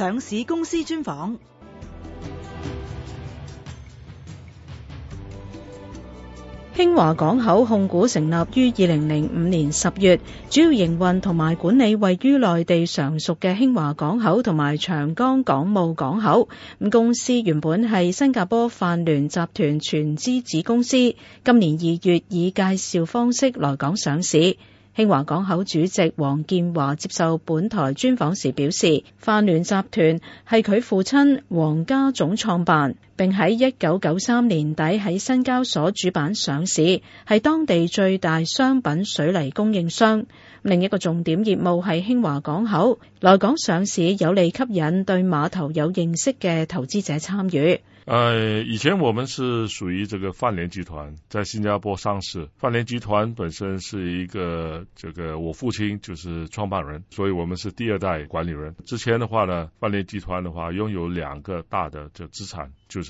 上市公司專訪。興華港口控股成立於二零零五年十月，主要營運同埋管理位於內地常熟嘅興華港口同埋長江港務港口。咁公司原本係新加坡泛聯集團全資子公司，今年二月以介紹方式來港上市。興華港口主席黃健華接受本台專訪時表示，泛聯集團係佢父親黃家總創辦。並喺一九九三年底喺新交所主板上市，係當地最大商品水泥供應商。另一個重點業務係興華港口，來港上市有利吸引對碼頭有認識嘅投資者參與。誒，以前我們是屬於這個泛聯集團，在新加坡上市。泛聯集團本身是一個，這個我父親就是創辦人，所以我們是第二代管理人。之前的話呢，泛聯集團的話擁有兩個大的就資產，就是。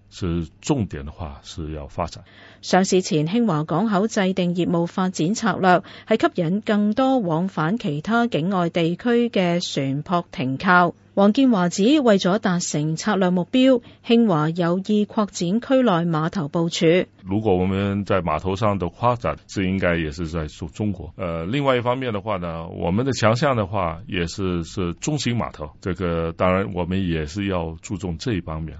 是重點的話，是要發展。上市前，興華港口制定業務發展策略，係吸引更多往返其他境外地區嘅船舶停靠。黃健華指，為咗達成策略目標，興華有意擴展區內碼頭部署。如果我們在碼頭上的擴展，是應該也是在中國。呃，另外一方面的話呢，我們的強項的話，也是是中型碼頭。這個當然，我們也是要注重這一方面。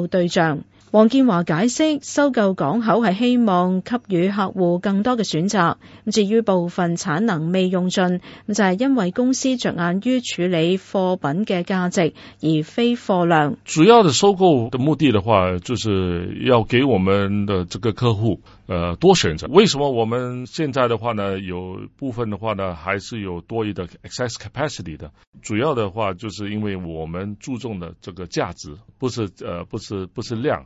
對象。黃健華解釋，收購港口係希望給予客戶更多嘅選擇。至於部分產能未用盡，就係、是、因為公司着眼於處理貨品嘅價值，而非貨量。主要的收購的目的的話，就是要給我們的這個客戶，呃，多選擇。為什麼我們現在的話呢，有部分的話呢，還是有多餘的 excess capacity 的？主要的話，就是因為我們注重的這個價值，不是，呃，不是，不是量。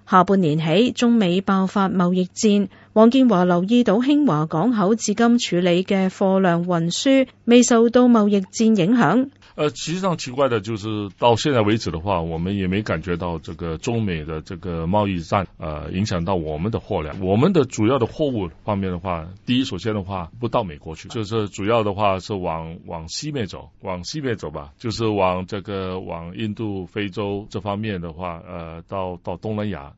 下半年起，中美爆發貿易戰，黃健華留意到興華港口至今處理嘅貨量運輸未受到貿易戰影響。呃，實際上奇怪的就是到現在為止的話，我們也沒感覺到這個中美的這個貿易戰，呃，影響到我們的貨量。我們的主要的貨物方面的話，第一，首先的話，不到美國去，就是主要的話是往往西面走，往西面走吧，就是往這個往印度、非洲這方面的話，呃，到到東南亞。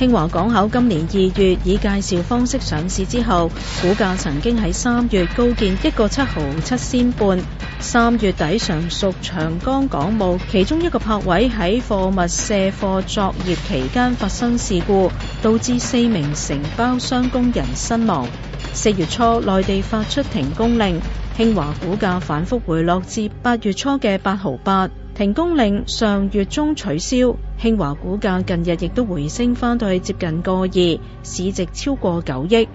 興華港口今年二月以介紹方式上市之後，股價曾經喺三月高見一個七毫七仙半。三月底，上屬長江港務其中一個泊位喺貨物卸貨作業期間發生事故，導致四名承包商工人身亡。四月初，內地發出停工令，興華股價反覆回落至八月初嘅八毫八。停工令上月中取消。興華股價近日亦都回升翻到接近個二，市值超過九億。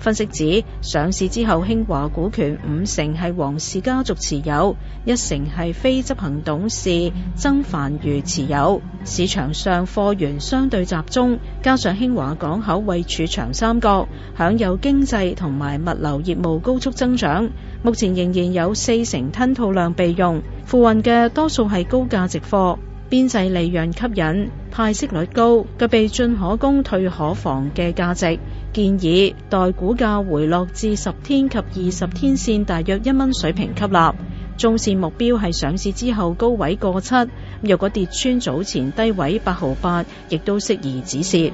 分析指，上市之後興華股權五成係黃氏家族持有，一成係非執行董事曾凡如持有。市場上貨源相對集中，加上興華港口位處長三角，享有經濟同埋物流業務高速增長。目前仍然有四成吞吐量備用，付運嘅多數係高價值貨。邊際利潤吸引派息率高，具備進可攻退可防嘅價值，建議待股價回落至十天及二十天線大約一蚊水平吸納，中線目標係上市之後高位過七。如若果跌穿早前低位八毫八，亦都適宜止蝕。